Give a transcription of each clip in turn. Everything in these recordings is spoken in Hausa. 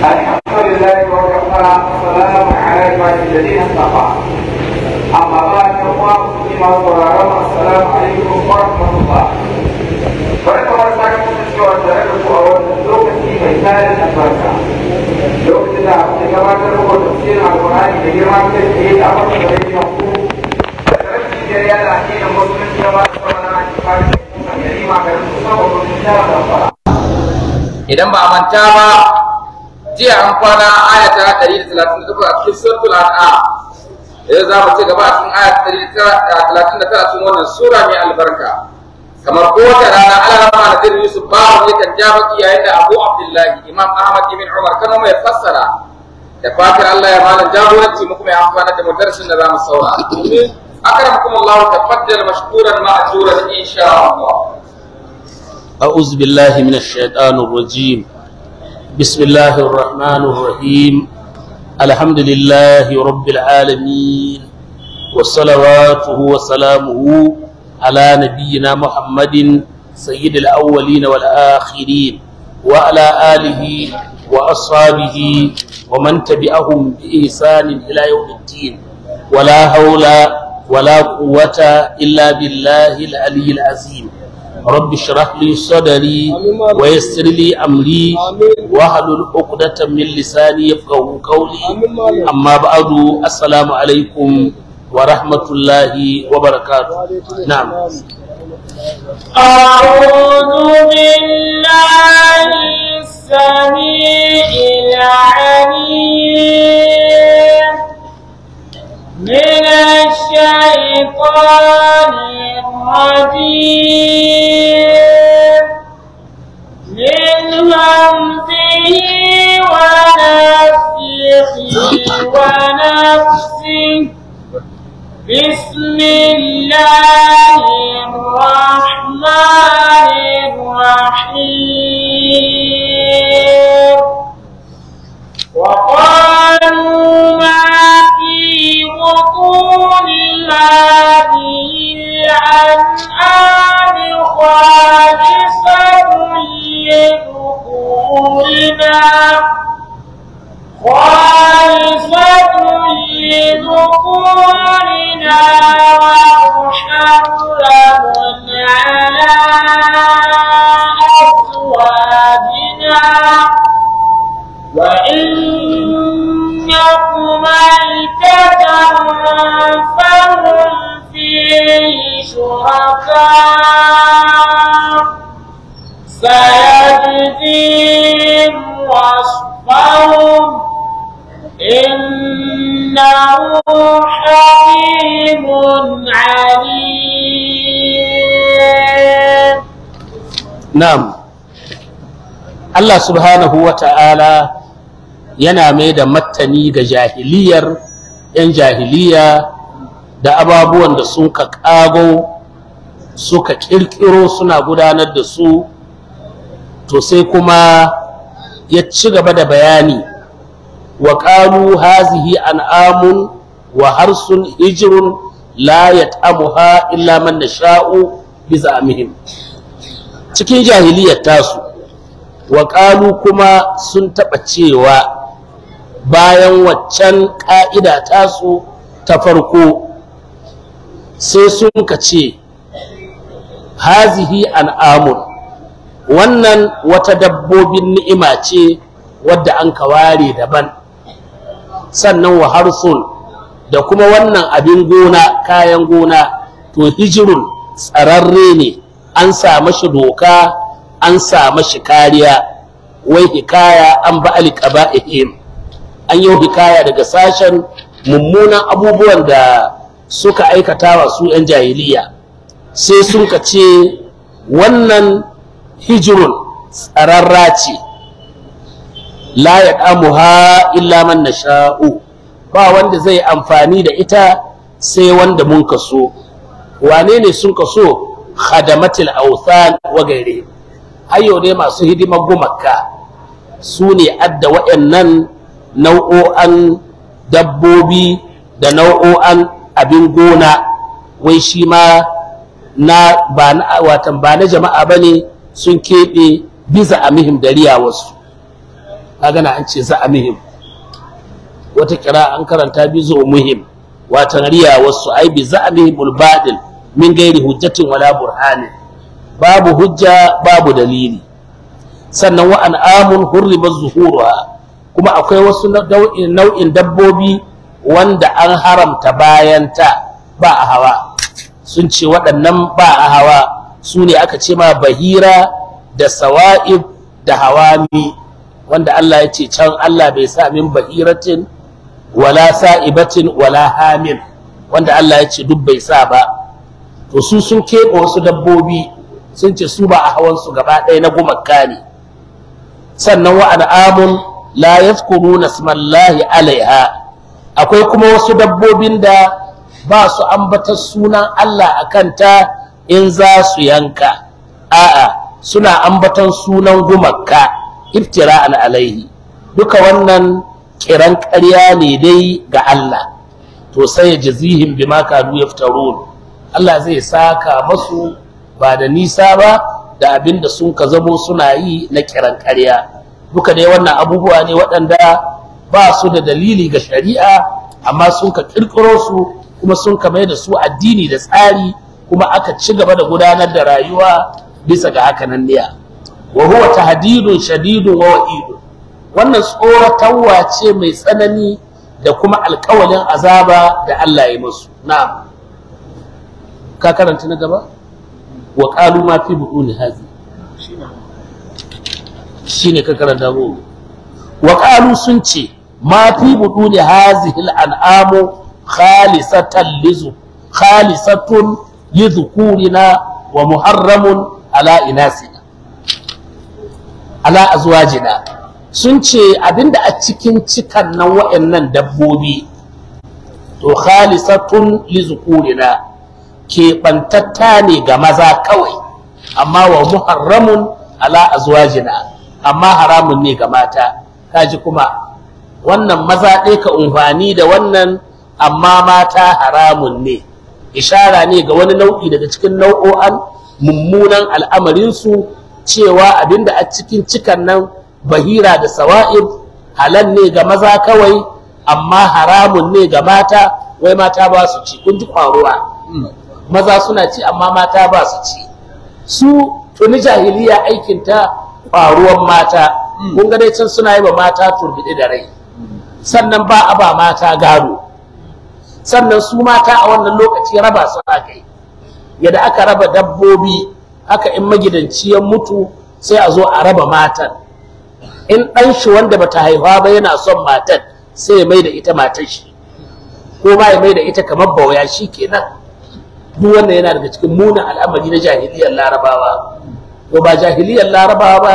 الحمد لله وكفى والسلام على عباد الذين اصطفى أما بعد فالله فيما وبركاته السلام عليكم ورحمة الله Barka wa sake kasancewa tare da ku a wannan lokaci mai tarin albarka. Lokacin da aka gabatar da tafsirin Alƙur'ani da girma kai tsaye a wata da rediyon ku da rashin jariya da ake da musulunci da ba su fara a cikin garin Yarima garin Kusa wa Gwamnati Jihar Zamfara. Idan ba a manta ba jiya an kwana aya ta 138 a cikin suratul an'am yanzu za mu ci gaba a cikin aya 139 cikin wannan sura mai albarka kamar kowace rana ala rama da zirri yusuf babu ne kan ja baki yayin da abu abdullahi imam ahmad ibn umar kano mai fassara da fatar allah ya malam jagoranci mu kuma ya amfana da madarsin da za mu saura أكرمكم الله تفضل مشكورا مأجورا إن شاء الله أعوذ بالله من الشيطان الرجيم بسم الله الرحمن الرحيم الحمد لله رب العالمين وصلواته وسلامه على نبينا محمد سيد الأولين والآخرين وعلى آله وأصحابه ومن تبعهم بإحسان إلى يوم الدين ولا هول ولا قوة إلا بالله العلي العظيم رب اشرح لي صدري ويسر لي امري واحلل عقدة من لساني يفقهوا قولي اما بعد السلام عليكم ورحمة الله وبركاته نعم أعوذ بالله السميع العليم من الشيطان الرجيم من همزه ونفسه ونفسه بسم الله الرحمن الرحيم وقالوا ما في بطون هذه الأنعام خالصة لذكورنا خالصة لذكورنا ومحرم على أزواجنا وإن يقم فهم فيه شركاء سيجزيهم وصفهم إنه حكيم عليم نعم الله سبحانه وتعالى yana mai da mattani ga jahiliyar yan jahiliya da ababuwan da suka ƙago suka ƙirƙiro suna gudanar da su to sai kuma ya ci gaba da bayani wa ƙalu hazihi an'amun wa harsun hijirun la yat'amuha illa man nasha'u bi za'mihim cikin jahiliyar tasu wa ƙalu kuma sun taɓa cewa bayan waccan ƙa'ida su ta farko sai sun ka ce hazihi an'amun wannan wata dabbobin ni'ima ce wadda an kaware daban sannan wa harsun da kuma wannan abin gona kayan gona to hijirun tsararre ne an sami shi doka an sami shi kariya wai hikaya an ba ihim an yi hikaya daga sashen mummunan abubuwan da suka aikata wa su 'yan jahiliya sai sun ka ce wannan hijirun tsararra ce la ya ƙamuha illa man na sha'u ba wanda zai amfani da ita sai wanda mun kaso wane ne sun kaso khadamatul authan wa gare har yau masu hidimar gumaka su ne adda waɗannan nau'o'an dabbobi da nau'o'an abin gona wai shi ma na ba na watan ba na jama'a bane sun keɓe biza amihim da riyawarsu na an ce za amihim wata kira an karanta bizo muhim watan riyawarsu ai bi za amihimul badil min gairi hujjatin wala burhanin babu hujja babu dalili sannan wa hurri ba zuhuruha kuma akwai wasu nau'in dabbobi wanda an haramta bayan ta ba a hawa sun ce waɗannan ba a hawa su ne aka ce ma bahira da sawa'ib da hawami wanda Allah ya ce can Allah bai sa min bahiratin wala sa'ibatin wala hamil wanda Allah ya ce duk bai sa ba to su sun keɓe wasu dabbobi sun ce su ba a hawansu gaba ɗaya na gumaka ne sannan wa amun. la yazkuruna smallahi alaiha akwai kuma wasu dabbobin da ba su ambatar sunan Allah a kanta in za su yanka a'a suna ambatar sunan gumakka iftira'an alaihi duka wannan kiran ƙarya ne dai ga Allah to sai jazihim bima kanu yaftarun Allah zai saka masu ba da nisa ba da abinda sun ka zamo suna yi na kiran ƙarya duka dai wannan abubuwa ne waɗanda ba su da dalili ga shari'a amma sun ka ƙirƙiro su kuma sun ka mai da su addini da tsari kuma aka ci gaba da gudanar da rayuwa bisa ga hakanan niyya wa huwa tahdidun shadidun wa wa'idun wannan tsoratarwa ce mai tsanani da kuma alƙawalin azaba da Allah ya musu na'am ka karanta na gaba wa qalu ma fi buduni hazi shine ka karanta mu wa qalu sun ce ma fi buduni hazihi al'amu khalisatan lizu khalisatun lidhukurina wa muharramun ala inasina ala azwajina sun ce abinda a cikin cikan nan wa'annan dabbobi to khalisatun lizukurina ke bantatta ne ga maza kawai amma wa muharramun ala azwajina amma haramun ne ga mata kaji kuma wannan maza ɗaya ka umfani da wannan amma mata haramun ne ishara ne ga wani nau'i daga cikin nau'o'an mummunan al'amarinsu cewa abinda a cikin cikan nan bahira da sawa'ib halal ne ga maza kawai amma haramun ne ga mata wai mata ba su ci kun ji kwaruwa maza suna ci amma mata ba su ci su tuni jahiliya aikinta ruwan mata hmm. kun ga dai can suna yi wa mata turbiɗi da rai sannan ba a ba mata gado sannan su mata a wannan lokaci raba su aka yi yadda aka raba dabbobi aka in magidanci ya mutu sai a zo a raba matan in ɗan shi wanda bata haihuwa ba yana son matan sai ya mai da ita matan shi ko ba ya mai da ita kamar bawaya shi kenan duk wannan yana daga cikin munin al'amari na jahiliyar larabawa to ba jahiliyar larabawa ba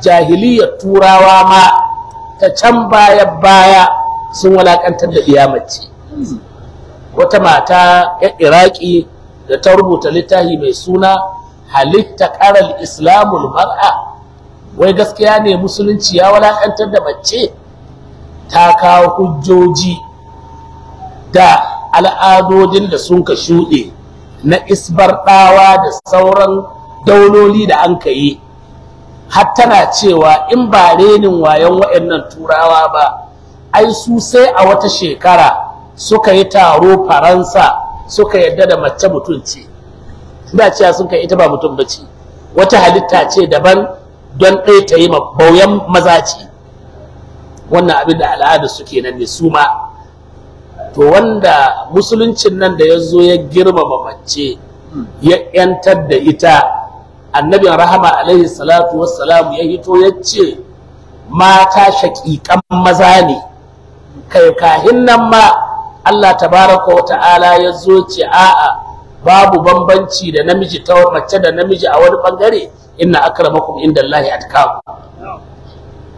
jahiliyar turawa ma ta can baya baya sun walakantar da mace. wata mata ya iraki da ta rubuta littafi mai suna halitta karar islamul mar'a wai gaskiya ne musulunci ya walakantar da mace ta kawo hujjoji da al'adodin da sun ka shuɗe na isbar ɗawa da sauran dauloli da an ka yi har tana cewa in ba renin wayan waɗannan turawa ba ai su sai a wata shekara suka yi taro faransa suka yadda da mace mutum ce cewa sun kai ita ba mutum ba wata halitta ce daban don ɗaya ta yi bauyan maza ce wannan abin da al'ada suke nan ne su ma to wanda musuluncin nan da ya zo ya girmama mace ya 'yantar da ita annabin rahama alaihi salatu wassalamu ya hito ya ce mata shaƙiƙan maza ne kai kahin nan ma Allah tabaraka wa ta'ala ya zo ce a'a babu bambanci da namiji ta mace da namiji a wani bangare inna akramakum indallahi atqakum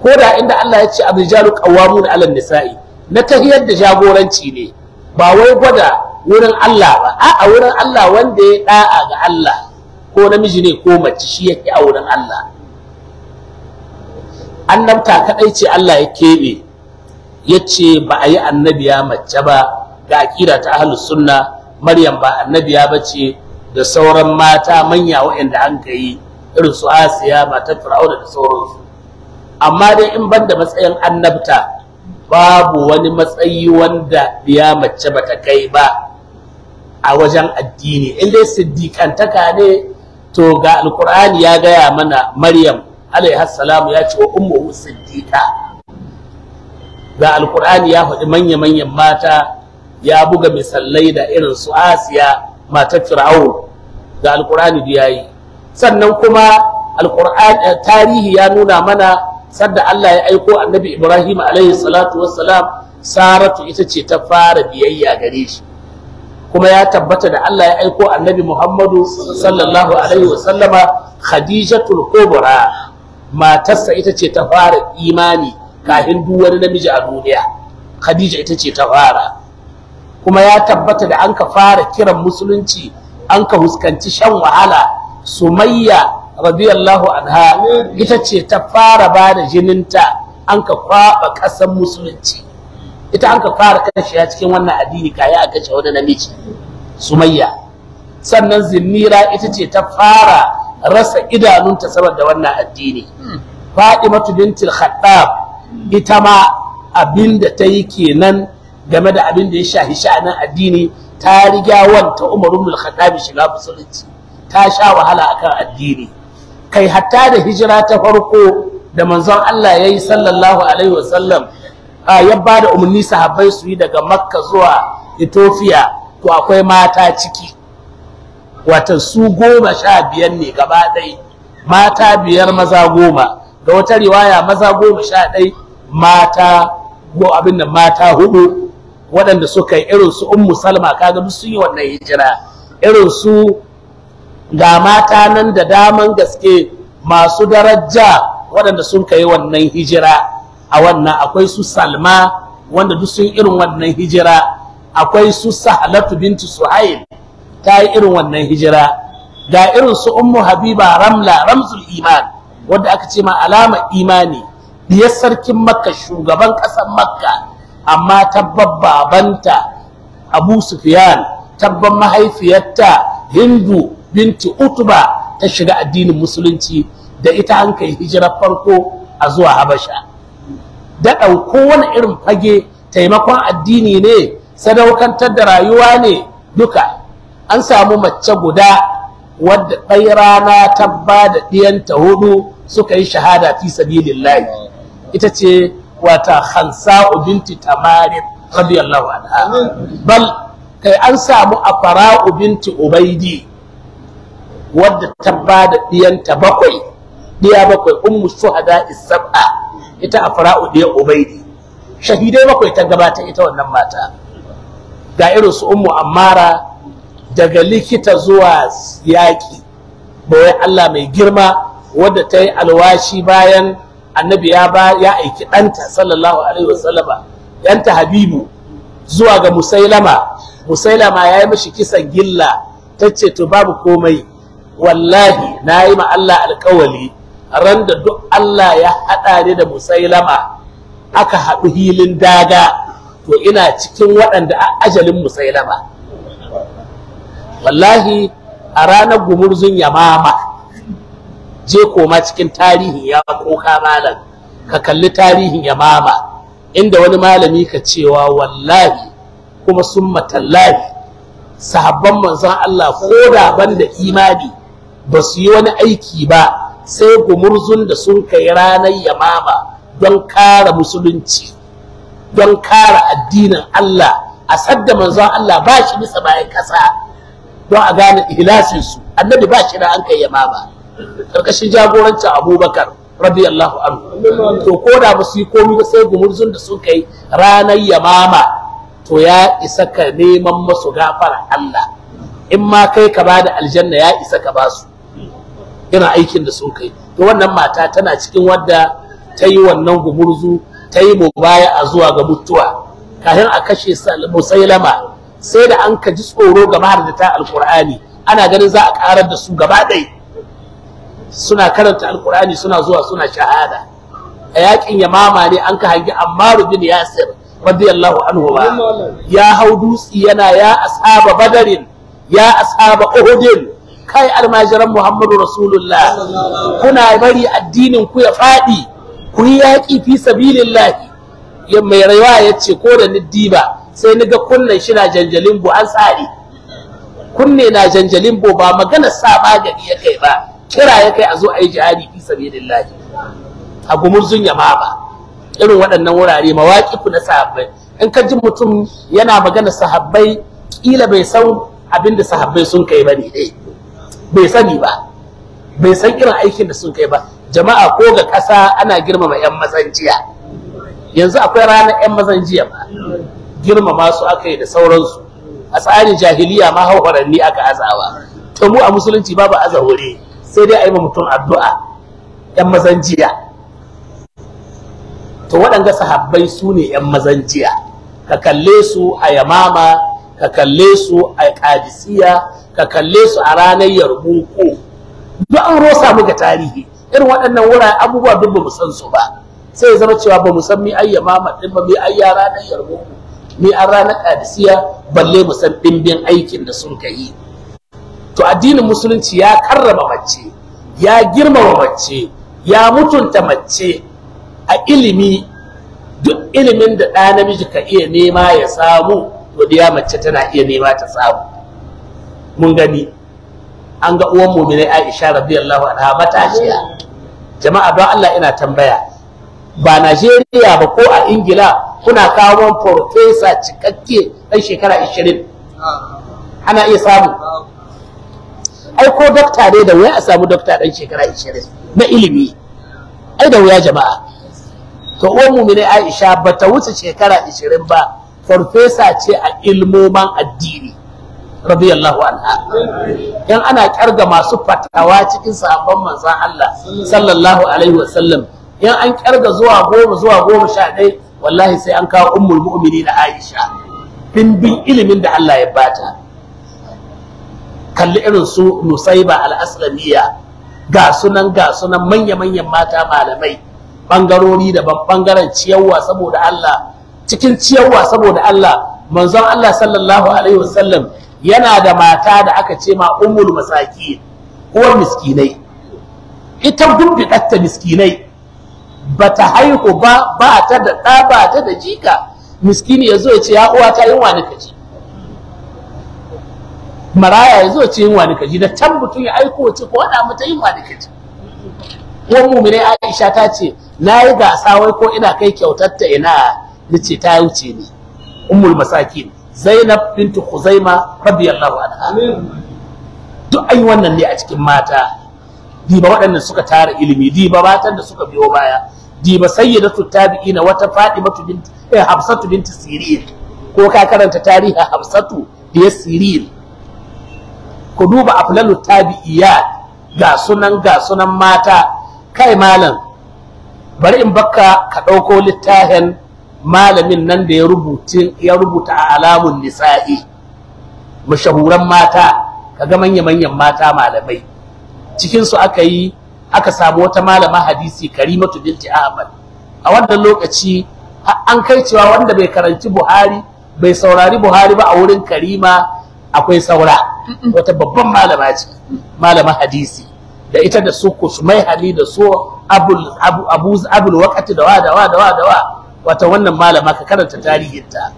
ko da inda Allah ya ce kawamu qawwamuna 'alan nisa'i na tahiyar da jagoranci ne ba wai gwada wurin Allah ba a'a wurin Allah wanda ya da'a ga Allah ko namiji ne ko mace shi yake a wurin Allah annabta kadai ce Allah ya keɓe yace ba a yi annabiya mace ba ga ƙira ta ahlus sunna maryam ba annabiya ba ce da sauran mata manya waɗanda an kai irin su asiya matar fir'auna da sauransu amma dai in ban da matsayin annabta babu wani matsayi wanda ya mace ba ta kai ba a wajen addini in dai siddiƙantaka ne to ga alkur'ani ya gaya mana maryam alaihi salam ya ce wa ummu siddiqa ga alkur'ani ya faɗi manya manyan mata ya buga misallai da irin su asiya matar fir'aun ga alkur'ani da yayi sannan kuma alkur'ani eh, tarihi ya nuna mana sadda Allah ya aiko annabi Ibrahim alaihi salatu wassalam Saratu ita ce ta fara biyayya gare shi kuma ya tabbata da Allah ya aiko annabi Muhammadu sallallahu alaihi wasallama Khadijatul Kubra matarsa ita ce ta fara imani kafin duk wani namiji a duniya Khadija ita ce ta fara kuma ya tabbata da an ka fara kiran musulunci an ka huskanci shan wahala Sumayya radiyallahu anha ita ce ta fara ba da jininta an ka kwaba ƙasan musulunci ita an ka fara a cikin wannan addini kayi a kashe wani namiji sumayya sannan zimira ita ce ta fara rasa idanunta saboda wannan addini hmm. fadimatu bintul khattab ita ma abinda ta yi kenan game da abinda da ya shahi sha'anin addini ta riga wanta umar ibn al-khattab shiga musulunci ta sha wahala akan addini kai hatta da hijira ta farko da manzon Allah yayi sallallahu alaihi wasallam ya ba da umarni sahabbai su yi daga makka zuwa ethiopia to akwai mata ciki wata su goma sha biyar ne gaba ɗai mata biyar maza goma ga wata riwaya maza goma sha ɗai mata ko abin da mata hudu waɗanda suka yi irin su ummu salma kaga duk sun yi wannan hijira irin su ga mata nan da daman gaske masu daraja waɗanda sun kai wannan hijira a wannan akwai su salma wanda duk sun irin wannan hijira akwai su sahalatu bintu suhail ta yi irin wannan hijira ga irin su ummu habiba ramla ramzul iman wanda aka ce ma alama imani biyar sarkin makka shugaban ƙasar makka amma tabbar babanta abu sufyan tabbar mahaifiyarta hindu binti utuba ta shiga addinin musulunci da ita an kai hijirar farko a zuwa habasha daɗa kowane irin fage taimakon addini ne sadaukantar da rayuwa ne duka an samu mace guda wadda ɗai rana ta ba da ɗiyanta hudu suka yi shahada fi sabilillahi ita ce wata hansa'u binti tamarin radiyallahu anha bal kai an samu afara'u ubinti ubaidi wadda ta ba da ɗiyanta bakwai ɗiya bakwai ummu shuhada isab'a ita afra'u da ubaidi shahidai bakwai ta gabata ita wannan mata ga irin su ummu ammara daga likita zuwa yaƙi bayan Allah mai girma wadda ta yi alwashi bayan annabi ya aiki ɗanta sallallahu alaihi wasallama ɗanta habibu zuwa ga musailama musailama ya yi mashi kisan gilla ta ce to babu komai wallahi na yi ma Allah alkawali. ran da duk Allah ya haɗa ni da musailama aka haɗu hilin daga to ina cikin waɗanda a ajalin musailama wallahi a ranar gumurzun yamama je koma cikin tarihin ya koka malam ka kalli tarihin yamama inda wani malami ka cewa wallahi kuma sun matallahi sahabban manzon Allah ko da ban da imani ba su yi wani aiki ba sai gumurzun da sun kai ranar yamama don kara musulunci don kara addinin Allah a sadda manzon Allah ba shi bisa bayan kasa don a gane ihlasin su annabi ba shi na an kai yamama karkashin jagorancin Abubakar radiyallahu anhu to ko da ba su yi komai ba sai gumurzun da sun kai ranar yamama to ya isa ka neman masu gafara Allah in ma kai ka ba da aljanna ya isa ka ba su. irin aikin da sun kai to wannan mata tana cikin wadda ta yi wannan gumurzu ta yi mubaya a zuwa ga mutuwa kafin a kashe musailama sai da an ka ji tsoro ga ta alkur'ani ana ganin za a karar da su gaba dai suna karanta alkur'ani suna zuwa suna shahada a yakin yamama ne an ka hangi ammaru bin yasir radiyallahu anhu ba ya hau dutsi yana ya asaba badarin ya asaba uhudin kai almajiran Muhammadu Rasulullah kuna bari addinin ku ya faɗi ku yi yaƙi fi sabilillah ya mai rayuwa ya ce ko da niddiba sai ni ga kunnen shi na janjalin bu an tsari kunne na janjalin bu ba magana sa ga ya kai ba kira ya kai a zo a yi jihadi fi sabilillah a gumurzun yama ba irin waɗannan wurare mawaƙi ku na sahabbai in ka ji mutum yana magana sahabbai kila bai san abin da sahabbai sun kai ba ne dai bai sani ba bai san irin aikin da sun kai ba jama'a ko ga ƙasa ana girmama 'yan mazanjiya yanzu akwai ranar 'yan mazanjiya ba girmama su aka yi da sauransu a tsarin jahiliya ma hauharanni aka azawa to mu a musulunci babu azahore sai dai a yi mutum addu'a 'yan mazanjiya to waɗanga sahabbai su ne 'yan mazanjiya ka kalle su a yamama ka kalle su a kadisiya ka kalle su a ranar yarbu duk an rosa mu ga tarihi irin waɗannan wurare abubuwa duk ba mu san su ba sai ya zama cewa ba mu san mi ayya mamad din ba mi ayya ranar yarbu mi an ranar kadisiya balle mu san ɗimbin aikin da sun kai to addinin musulunci ya karrama mace ya girmama mace ya mutunta mace a ilimi duk ilimin da ɗa namiji ka iya nema ya samu godiya mace tana iya nema ta samu mun gani an ga uwan mu'minai Aisha radiyallahu anha matashiya jama'a don Allah ina tambaya ba Najeriya ba ko a Ingila kuna kawo farfesa cikakke ɗan shekara 20 ana iya samu ai ko dokta ne da wuya a samu dokta ɗan shekara 20 na ilimi ai da wuya jama'a to uwan mu'minai Aisha ba ta wuce shekara 20 ba farfesa ce a ilmoman addini radiyallahu anha dan ana karga masu fatawa cikin sahabban manzon Allah sallallahu alaihi wasallam yan an karga zuwa goma zuwa goma sha ɗaya wallahi sai an kawo ummul mu'minin Aisha dimbin ilimin da Allah ya bata kalli irin su Nusaiba al-Aslamiyya ga sunan ga sunan manya-manyan mata malamai bangarori da bangaren ciyawa saboda Allah cikin ciyarwa saboda Allah manzon Allah sallallahu alaihi wasallam yana da mata da aka ce ma ummul masaki uwar miskinai ita gumbidatta miskinai bata haihu ba ba ta da ɗa ba ta da jika miskini ya zo ya ce ya uwa ta yin wani kaji maraya ya zo ce yin wani kaji da can mutum ya aiko ce ko wada mata yin wani kaji Uwar mumine Aisha ta ce na yi gasa wai ko ina kai kyautar ta ina nace ta wuce ni ummul masakin zainab bintu khuzaima radiyallahu anha duk ai wannan ne a cikin mata diba waɗannan suka tara ilimi diba matan da suka biyo baya diba sayyidatu tabi'ina wata fatimatu bint eh hafsatu bint sirin ko ka karanta tarihi hafsatu da sirin ku duba aflalu tabi'iyat ga sunan ga sunan mata kai malam bari in bakka ka ɗauko littafin malamin nan da ya rubuta ya rubuta a alamun nisa'i mashahuran mata kaga manya manyan mata malamai cikinsu aka yi aka samu wata malama hadisi Karimatu binti Ahmad a wannan lokaci an kai cewa wanda bai karanci Buhari bai saurari Buhari ba a wurin Karima akwai saura wata babban malama ce malama hadisi da ita da su Kusmai Hali da su Abul Abu Abul Waqati da wa da wa da wa da wa wata wannan malama ka karanta tarihinta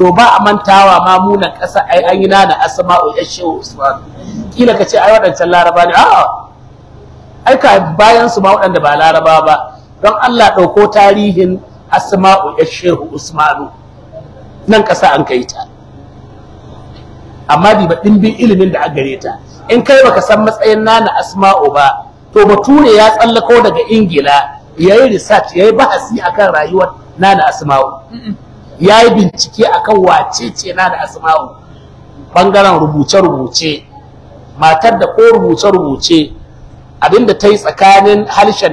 to ba a mantawa ma muna ƙasa ai an yi nana asma'u ya shehu usman kila ka ce ai waɗancan laraba ne a'a ai ka bayan su ma waɗanda ba laraba ba don Allah ɗauko tarihin asma'u ya shehu usmanu nan ƙasa an kai ta amma ba ɗimbin ilimin da a gare ta in kai baka san matsayin nana asma'u ba to bature ya tsallako daga ingila ya yi research ya yi bahasi akan rayuwar da asma'u ya yi bincike akan wace ce da asma'u bangaren rubuce-rubuce matar da ko rubuce-rubuce abinda ta yi tsakanin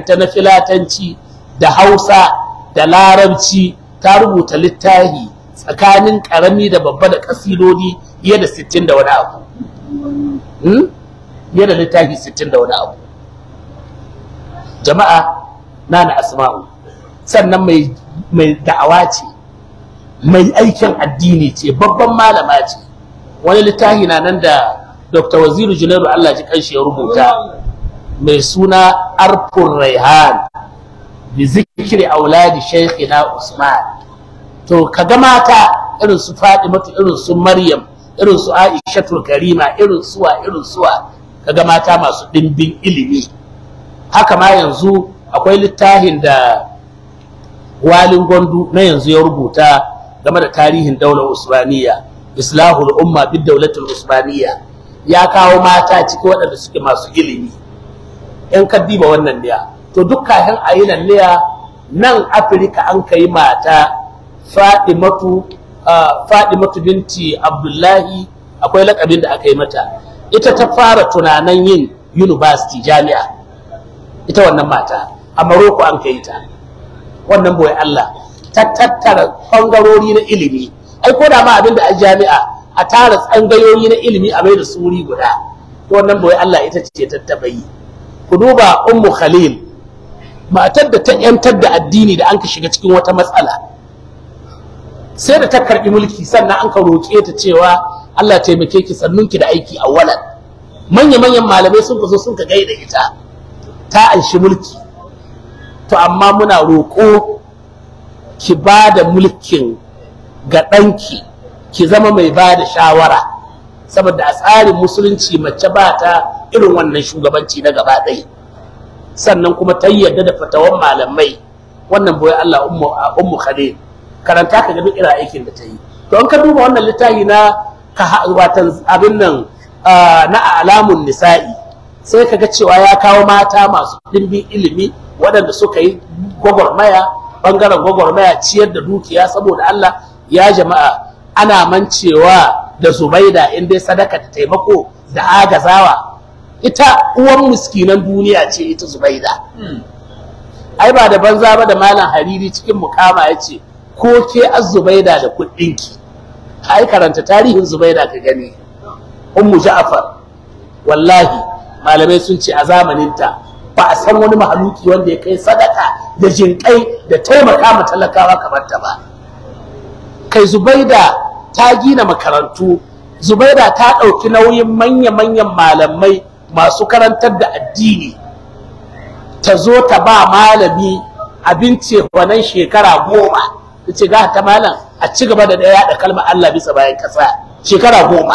ta na filatanci da hausa da larabci ta rubuta littafi tsakanin karami da babba da kasiloli fiye da 60 da wani abu hmm? fiye da littafi 60 da wani abu jama'a nana asma'u sannan mai mai da'awa ce mai aikin addini ce babban malama ce wani littafi na nan da Dr. Waziru Junairu Allah ji kanshi ya rubuta mai suna Arfur Raihan bi zikri auladi shaykhina Usman to kaga mata irin su Fatimatu irin su Maryam irin su Aishatul Karima irin suwa irin suwa ga mata masu dimbin ilimi haka ma yanzu akwai littafin da walin gwandu na yanzu ya rubuta game da tarihin daular usmaniya islahul umma bid daulatul usmaniya ya kawo mata ciki waɗanda suke masu ilimi Yan ka wannan niya to dukkanin a yi nan niya nan afirka an kai mata fadimatu fadimatu binti abdullahi akwai lakabin da aka yi mata ita ta fara tunanin yin university jami'a ita wannan mata a maroko an kai ta wannan boye Allah ta tattara ɓangarori na ilimi ai ko da ma abin da a jami'a a tara tsangayoyi na ilimi a mai da suri guda wannan boye Allah ita ce tattabayi ku duba ummu khalil matar da ta yantar da addini da an ka shiga cikin wata matsala sai da ta karbi mulki sannan an ka roƙe ta cewa Allah taimake ki sannun ki da aiki a walan manya manyan malamai sun zo sun ka gaida ita ta anshi mulki to amma muna roƙo ki ba da mulkin ga ɗanki ki zama mai ba da shawara saboda a tsarin musulunci mace ba ta irin wannan shugabanci na gaba ɗaya sannan kuma ta yarda da fatawan malamai wannan boye Allah ummu khalil karanta ka ga duk irin aikin da ta yi to an ka duba wannan littafi na ka watan abin nan na alamun nisa'i sai ka ga cewa ya kawo mata masu dimbin ilimi waɗanda suka yi gwagwarmaya ɓangaren gwagwarmaya ciyar da dukiya saboda Allah ya jama'a ana mancewa da zubaida in dai sadaka da taimako da agazawa ita uwan miskinan duniya ce ita zubaida ai ba da banza ba da malam hariri cikin mukama ya ce ko ke azubaida da kuɗinki ai karanta tarihin zubaida ka gani ummu ja'far wallahi malamai sun ce a zamaninta ba a san wani mahaluki wanda ya kai sadaka da jinkai da taimaka ma talakawa kamar ta ba kai zubaida ta gina makarantu zubaida ta ɗauki nauyin manya-manyan malamai masu karantar da addini ta zo ta ba malami abinci wannan shekara goma ta ce ga ta malam a ci gaba da ɗaya da kalmar Allah bisa bayan kasa shekara goma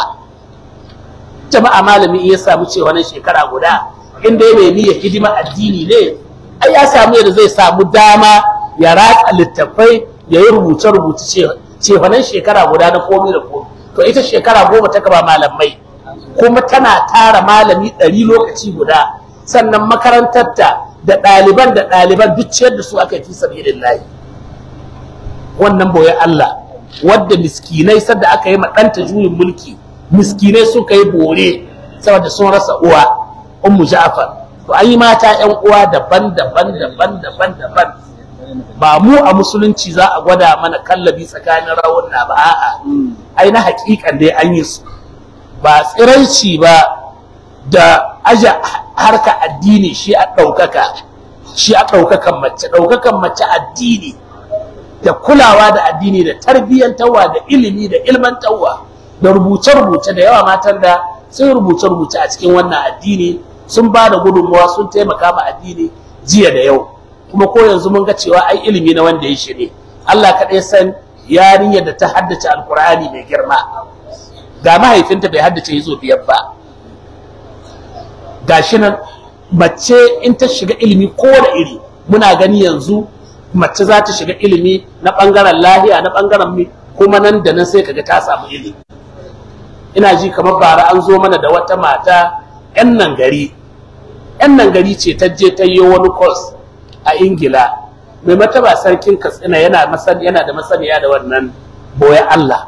jama'a malami iya samu ce wannan shekara guda in dai mai niyyar hidima addini ne ai ya samu yadda zai samu dama ya ratsa littattafai ya yi rubuce rubuce cefanen shekara guda na komi da komi to ita shekara goma ta gaba malamai kuma tana tara malami ɗari lokaci guda sannan makarantarta da ɗaliban da ɗaliban duk ciyar da su aka yi fi layi wannan boye Allah wadda miskinai sadda aka yi ma ɗanta juyin mulki miskinai suka yi bore saboda sun rasa uwa ummu ja'far to an yi mata yan uwa daban daban daban daban daban ba mu a musulunci za a gwada mana kallabi tsakanin rawunna ba a'a ai na hakikan dai an yi su ba tsiranci ba da aja harka addini shi a ɗaukaka shi a ɗaukakan mace ɗaukakan mace addini da kulawa da addini da tarbiyyantarwa da ilimi da ilmantarwa da rubuce-rubuce da yawa matan da sun rubuce-rubuce a cikin wannan addini sun ba da gudunmuwa sun taimaka ma addini jiya da yau kuma ko yanzu mun ga cewa ai ilimi na wanda ya shirye Allah kaɗai san yarinyar da ta haddace alkur'ani mai girma ga mahaifinta bai haddace yazo biyar ba gashi nan mace in ta shiga ilimi ko da iri muna gani yanzu mace za ta shiga ilimi na ɓangaren lahiya na ɓangaren mi kuma nan da nan sai kaga ta samu ilimi ina ji kamar bara an zo mana da wata mata 'yan nan gari yan nan gari ce ta je ta yi wani course a ingila mai mataba sarkin katsina yana yana da masaniya da wannan boye allah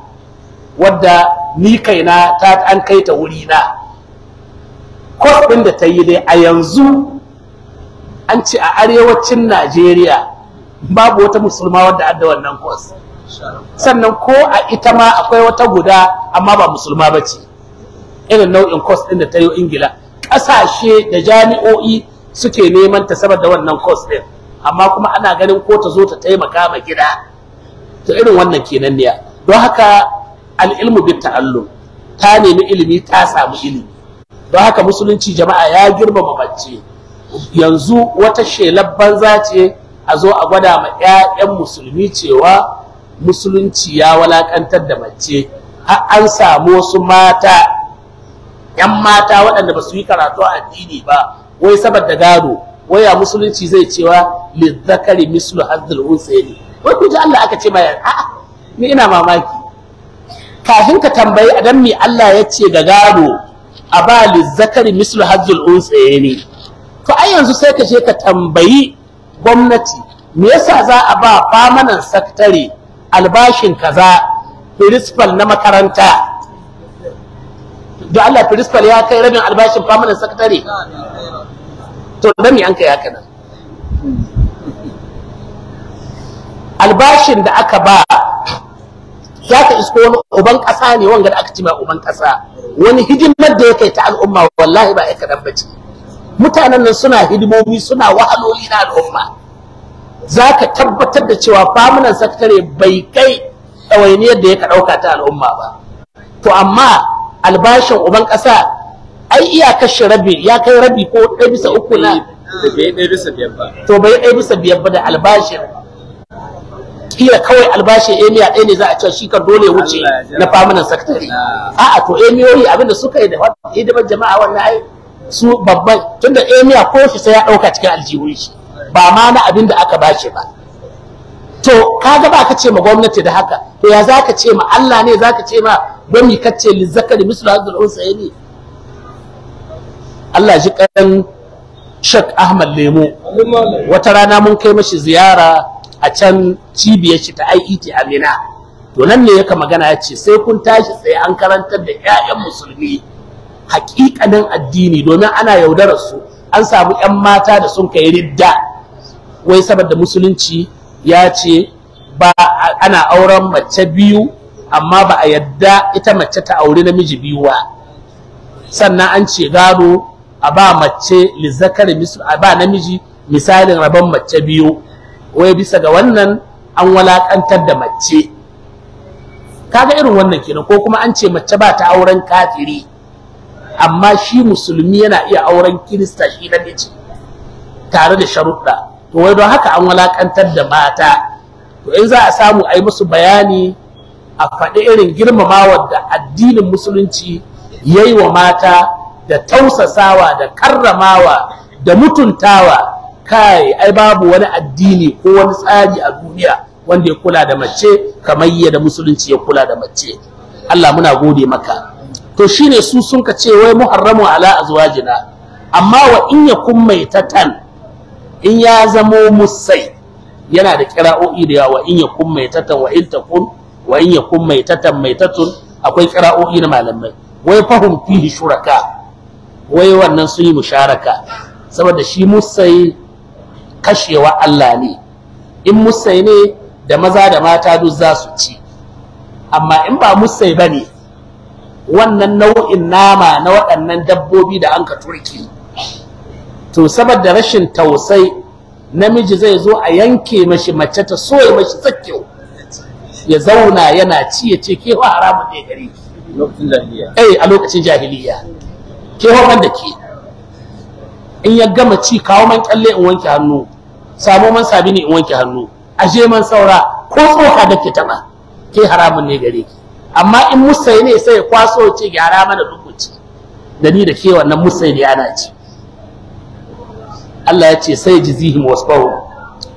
wadda ni kaina ta an kai ta wuri na course ɗin da ta yi dai a yanzu an ce a arewacin najeriya babu wata musulma wadda adda wannan course sannan ko a ita ma akwai wata guda amma ba musulma ba ce irin nau'in kwas din da ta yi ingila ƙasashe da jami'o'i suke neman ta saboda wannan course ɗin, amma kuma ana ganin ko ta zo ta taimaka ma gida to irin wannan kenan ne don haka al'ilmu bi ta'allum ta nemi ilimi ta samu ilimi don haka musulunci jama'a ya girmama mace yanzu wata shelar banza ce a zo a gwada ma 'ya'yan musulmi cewa musulunci ya walakantar da mace har an samu wasu mata yan mata waɗanda ba su yi karatu a addini ba wai saboda gado wai ya musulunci zai cewa lizzakari mislu hazzul unsayni wai ku Allah aka ce mai a'a ni ina mamaki kafin ka tambayi adam me Allah ya ce ga gado a ba lizzakari mislu hazzul unsayni to ai yanzu sai ka je ka tambayi gwamnati me yasa za a ba famanan sakatare albashin kaza principal na makaranta da Allah principal ya kai rabin albashin permanent secretary to da an kai haka albashin da aka ba za ka isko wani uban ƙasa ne wanga da aka ci uban ƙasa wani hidimar da ya kai ta al'umma wallahi ba aika kaɗan bace mutanen nan suna hidimomi suna wahaloli na al'umma za ka tabbatar da cewa famunan sakatare bai kai ɗawainiyar da ya ka ɗauka ta al'umma ba to amma albashin uban ƙasa ai iyakar shi rabi ya kai rabi ko ɗaya bisa uku na eh, to bai ɗaya bisa biyar ba da albashin kila kawai albashi emiya ɗaya ne za a ce shi kan dole wuce na faminan sakatare ah. a'a to emiyoyi abinda suka yi da hidimar jama'a wannan ai su babban tunda emiya ko shi sai ya ɗauka cikin aljihun shi ba ma na abin da aka bashi ba to kaga ba ka ce ma gwamnati da haka to ya za ce ma Allah ne zaka ce ma gwamnati ka ce lizzakari mislu hadal unsayni Allah ji kan shek Ahmad Lemo wata rana mun kai mashi ziyara a can cibiyar shi ta IET Amina to nan ne yaka magana ya ce sai kun tashi sai an karantar da ƴaƴan musulmi hakikanin addini domin ana yaudarar su an samu ƴan mata da sun kai ridda wai saboda musulunci ya ce ba ana auren mace biyu amma ba a yadda ita mace ta auri namiji biyu ba sannan an ce gado a ba mace lizzakar a ba namiji misalin rabon mace biyu wai bisa ga wannan an walakantar da mace kaga irin wannan kenan ko kuma an ce mace ba ta auren kafiri amma shi musulmi yana iya auren kirista shi na tare da sharuɗa to wai don haka an walakantar da mata to in za a samu a yi musu bayani a faɗi irin girmamawa da addinin musulunci ya yi wa mata da tausasawa da karramawa da mutuntawa kai ai babu wani addini ko wani tsari a duniya wanda ya kula da mace kamar yadda musulunci ya kula da mace Allah muna gode maka to shine su sun ka ce wai muharramu ala azwajina amma wa in yakun maitatan in ya zamo musai yana da kira'o'i da yawa in ya kun mai tatan wa in takun wa in ya kun mai tatan mai tatun akwai kira'o'i na malamai wai fahim fihi shuraka wai wannan sun yi musharaka saboda shi musai kashewa Allah ne in musai ne da maza da mata duk za su ci amma in ba musai ba ne wannan nau'in nama na waɗannan dabbobi da an ka turki to saboda rashin tausai namiji zai zo a yanke mashi mace ta soye mashi tsakkiyau ya zauna yana ci ya ce ke wa haramun ne gare ki eh, a lokacin jahiliya ke hoban da ke in ya gama ci kawo man kalle in wanke hannu samo man sabi ne in wanke hannu aje man saura ko tsoka da ke taba ke haramun ne gare ki amma in musayi ne sai ya kwaso ce gyara mana dukuci da ni da ke wannan musai ne ana ci Allah ya ce sai jizihim wasbahu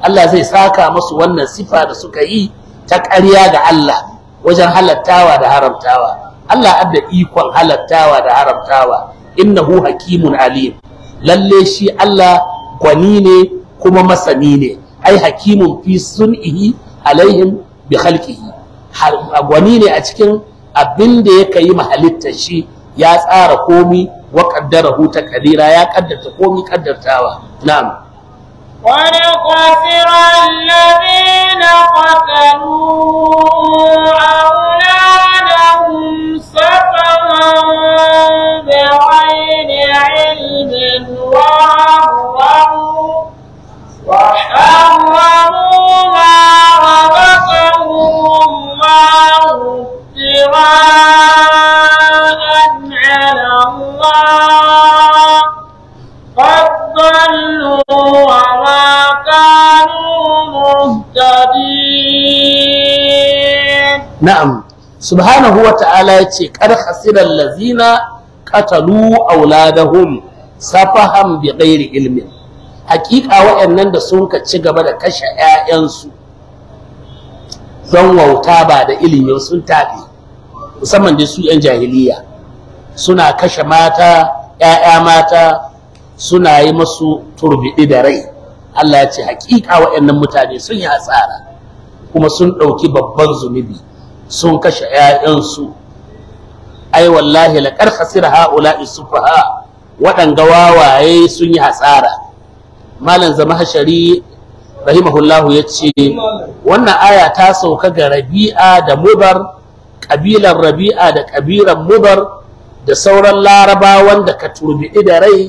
Allah zai saka musu wannan sifa da suka yi ta ƙarya ga Allah wajen halattawa da haramtawa Allah adda ikon halattawa da haramtawa innahu hakimun alim lalle shi Allah gwani ne kuma masani ne ai hakimun fi sun'ihi alaihim bi khalqihi gwani ne a cikin abin da yake yi mahalittar shi ya tsara komai. وقدره تقديرا يا قدرت قدر قدرتاوا نعم ونقصر الذين قتلوا أولادهم سفرا بعين علم وعبره وحاجة na'am subhanahu wa ta'ala yace qad khasira allazina qatalu auladahum safahan bighairi ilmin hakika wayannan da sun ka ci gaba da kashe 'ya'yansu, don wauta ba da ilimi sun tafi musamman da su ƴan jahiliya suna kashe mata ƴaƴa mata suna yi masu turbiɗi da rai Allah ya ce hakika waɗannan mutane sun yi asara kuma sun ɗauki babban zunubi sun kashe 'ya'yansu ai wallahi laqad khasira haula'i sufaha waɗanga wawaye sun yi hasara malam hashari rahimahullahu ya ce wannan aya ta sauka ga rabi'a da mubar ƙabilar rabi'a da ƙabilar mubar da sauran larabawan da ka da rai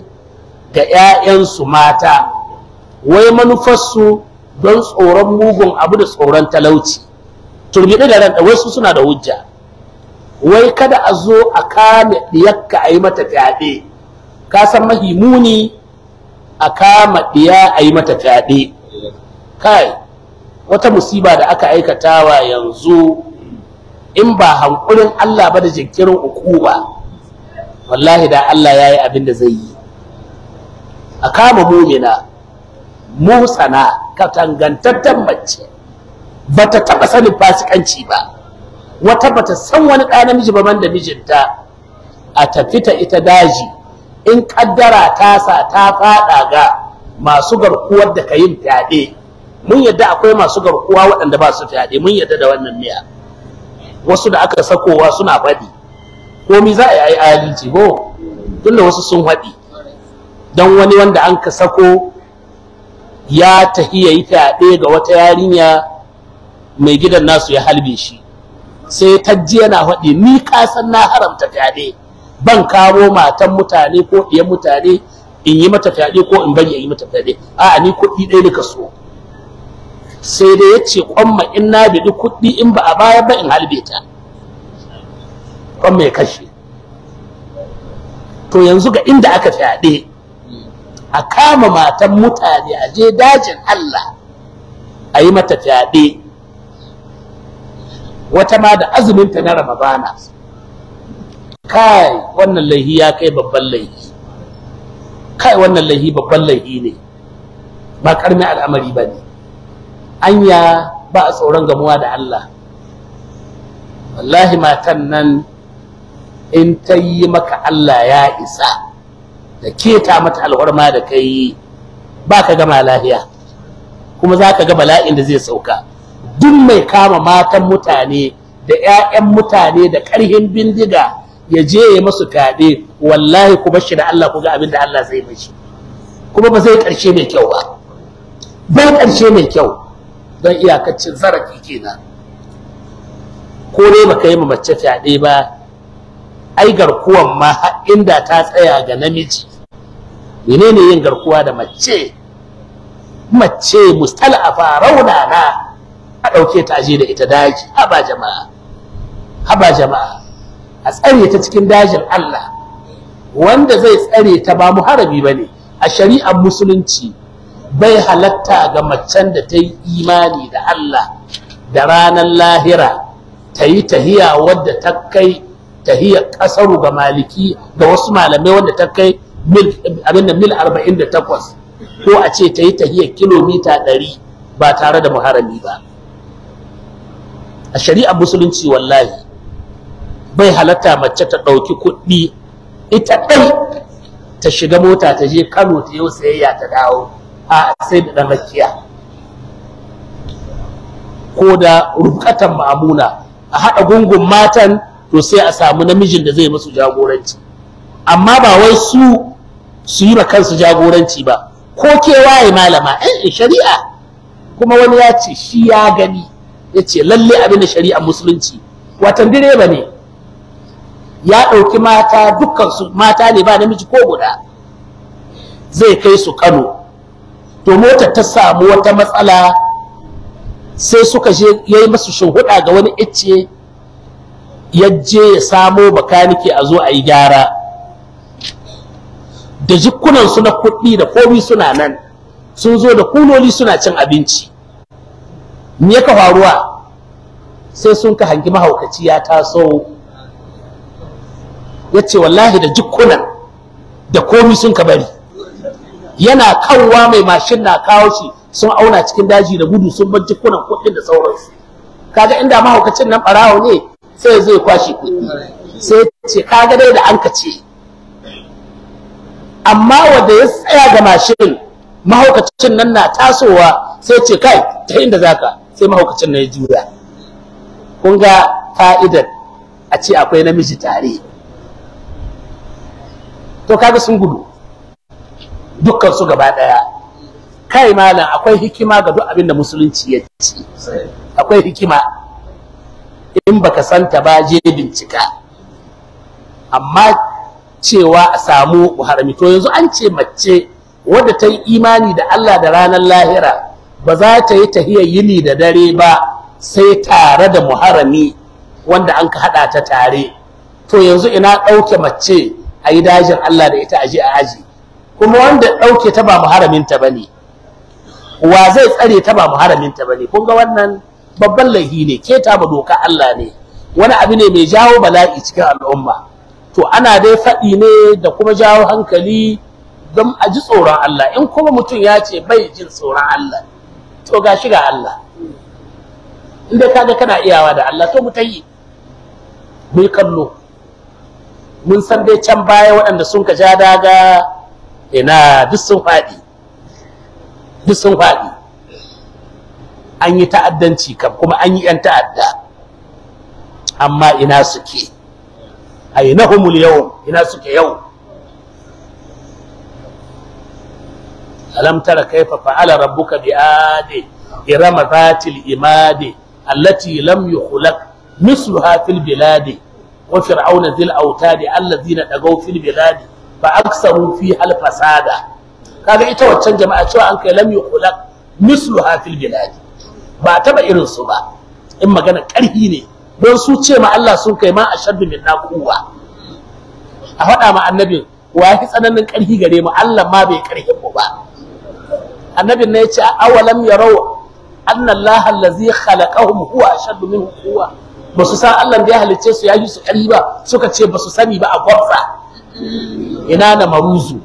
ga 'ya'yansu mata wai manufarsu don tsoron mugun abu da tsoron talauci turbiɗe da ran wasu suna da hujja wai kada a zo a kame ɗiyakka a yi mata fyaɗe ka san mahimuni a kama ɗiya a yi mata fyaɗe kai wata musiba da aka aikatawa yanzu in ba hankulin Allah ba da jinkirin hukuma wallahi da Allah ya yi abin da zai yi a kama mumina musana katangantattan mace bata taba sanin fasikanci ba wata bata san wani ɗa namiji ba da mijinta a tafi ta ita daji in kaddara ta sa ta fada ga masu garkuwar da kayin fyaɗe mun yadda akwai masu garkuwa waɗanda ba su fyaɗe mun yadda da wannan miya wasu da aka sakowa suna faɗi komi za a yi adalci ko tunda wasu sun faɗi don wani wanda an ka sako ya tahi fyaɗe ga wata yarinya mai gidan nasu ya halbe shi sai ta ji yana faɗi ni kasan na haramta fyaɗe ban kamo matan mutane ko ɗiyan mutane in yi mata fyaɗe ko in bari yi mata fyaɗe a'a ni kuɗi ɗaya nika so sai dai ya ce ƙwamma in na biɗi kuɗi in ba a baya ba in halbe ta ƙwamma ya kashe to yanzu ga inda aka fyaɗe a kama matan mutane a je dajin Allah a yi mata fyaɗe wata ma da azuminta na ramabana kai wannan laihi ya kai babban laihi kai wannan laihi babban laihi ne ba karmi al'amari ba ne anya ba a tsoron gamuwa da Allah wallahi matan nan in ta yi maka Allah ya isa da keta mata alwarma da kai ba ka gama lafiya. kuma za ka ga bala'in da zai sauka duk mai kama matan mutane da 'ya'yan mutane da ƙarhin bindiga ya je ya masu fyaɗe wallahi ku bashi da Allah ku ga abin da Allah zai mashi kuma ba zai ƙarshe mai kyau ba ba ƙarshe mai kyau don iyakacin zarafi kenan ko dai baka yi mace fyaɗe ba ai garkuwan ma inda ta tsaya ga namiji menene yin garkuwa da mace mace mustalafa na? a ɗauke ta aje da ita daji haba jama'a haba jama'a a tsare ta cikin dajin Allah wanda zai tsare ta ba muharabi ba ne a shari'ar musulunci bai halatta ga macen da ta yi imani da Allah da ranar lahira ta yi tahiya wadda ta kai tahiyar ƙasaru ga maliki ga wasu malamai wadda ta kai mil 48 ko a ce ta yi tahiyar kilomita 100 ba tare da muharami ba a shari'ar musulunci wallahi bai halatta mace ta ɗauki kuɗi ita ɗai ta shiga mota ta je kano ta yau sayayya ta dawo a sai da rakiya ko da rukatan ma'amuna a haɗa gungun matan to sai a samu namijin da zai musu jagoranci amma ba wai su su yi kansu jagoranci ba ko kewaye malama in eh, shari'a kuma wani ya ce shi ya gani ya ce lalle abin da shari'a musulunci watan direba ne ya ɗauki mata dukkan mata ne ba namiji ko guda zai kai su kano to mota ta samu wata matsala sai suka je yayi masu shinhuda ga wani icce ya je ya samo bakanike a zo a yi gyara da jikunansu na kuɗi da komi suna nan sun zo da kuloli suna cin abinci me yaka faruwa sai sun ka hangi mahaukaci ya taso ya ce wallahi da jikunan da komi sun ka bari yana kawwa mai mashin na kawo shi sun auna cikin daji da gudu sun bar jikunan kuɗin da sauransu kaga inda mahaukacin nan barawo ne sai zai kwashe kuɗi sai ce kaga dai da an ka ce amma wanda ya tsaya ga mashin mahaukacin nan na tasowa sai ce kai ta inda zaka sai mahaukacin na ya jura. kun ga fa'idar a ce akwai namiji tare to kaga sun gudu dukkan su gaba daya kai malam akwai hikima ga duk abin da musulunci ya ci akwai hikima in baka santa ba je bincika amma cewa a samu buhari to yanzu an ce mace Wanda ta yi imani da Allah da ranar lahira ba za ta yi tahiyar yini da dare ba sai tare da muharami wanda an ka haɗa ta tare to yanzu ina ɗauke mace a yi dajin Allah da ita aji a aji kuma wanda ɗauke ta ba muharaminta ba ne wa zai tsare ta ba muharaminta ba ne kun ga wannan babban laifi ne ke ta ba doka Allah ne wani abu ne mai jawo bala'i cikin al'umma to ana dai faɗi ne da kuma jawo hankali don a ji tsoron Allah in kuma mutum ya ce bai jin tsoron Allah to ga shi ga Allah inda ka ga kana iyawa da Allah to mu ta yi kallo mun san dai can baya waɗanda sun ka ja daga ina duk sun faɗi duk sun faɗi an yi ta'addanci kam kuma an yi 'yan ta'adda amma ina suke a humul yau ina suke yau ألم ترى كيف فعل ربك بآدي إرم ذات الإمادي التي لم يخلق مثلها في البلاد وفرعون ذي الأوتاد الذين تقوا في البلاد فأكثروا فيها الفساد هذا إتوى تشنج ما أتوى أنك لم يخلق مثلها في البلاد باتبا إرن صبا إما كان كرهيني من سوتي ما الله سوك ما أشد من قوة أهدا مع النبي وأحس أنا من كرهي قريبا الله ما بيكرهي مبارك annabin ne ya ce awalam yarau anna Allah allazi khalaqahum huwa ashaddu minhum quwwa ba su san Allah da ya halicce su ya yi su ƙari ba suka ce ba su sani ba a gwabza ina na maruzu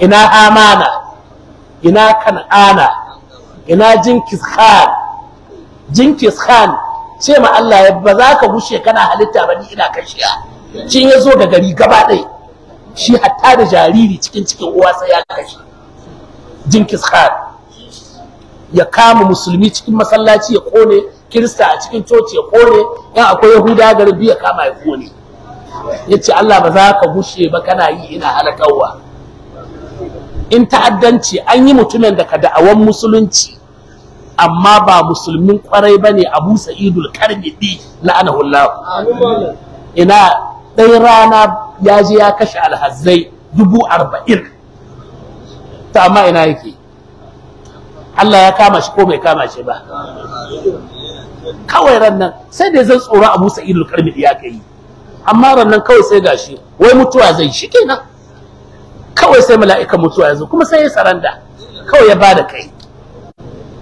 ina amana ina kan'ana ina jinkis khan jinkis khan ce ma Allah ya ba za ka gushe kana halitta ba ni ina kashiya shi ya zo da gari gaba ɗaya shi hatta da jariri cikin cikin uwa sai ya kashi. jinkis khan ya kama musulmi cikin masallaci ya kone kirista a cikin coci ya kone yan akwai yahuda gari biya kama ya kone ya ce allah ba za ka gushe ba kana yi ina halakarwa in ta'addanci an yi mutumin da ka da'awan musulunci amma ba musulmin kwarai ba ne abu sa'idul ana la'anahullahu ina ɗai rana ya je ya kashe alhazzai dubu arba'in ta amma ina yake Allah ya kama shi ko bai kama shi ba kawai ran nan sai da zan tsoro Abu Sa'id al-Karmi ya kai amma ran nan kawai sai gashi wai mutuwa zai shi kenan kawai sai mala'ikan mutuwa ya kuma sai ya saranda kawai ya bada kai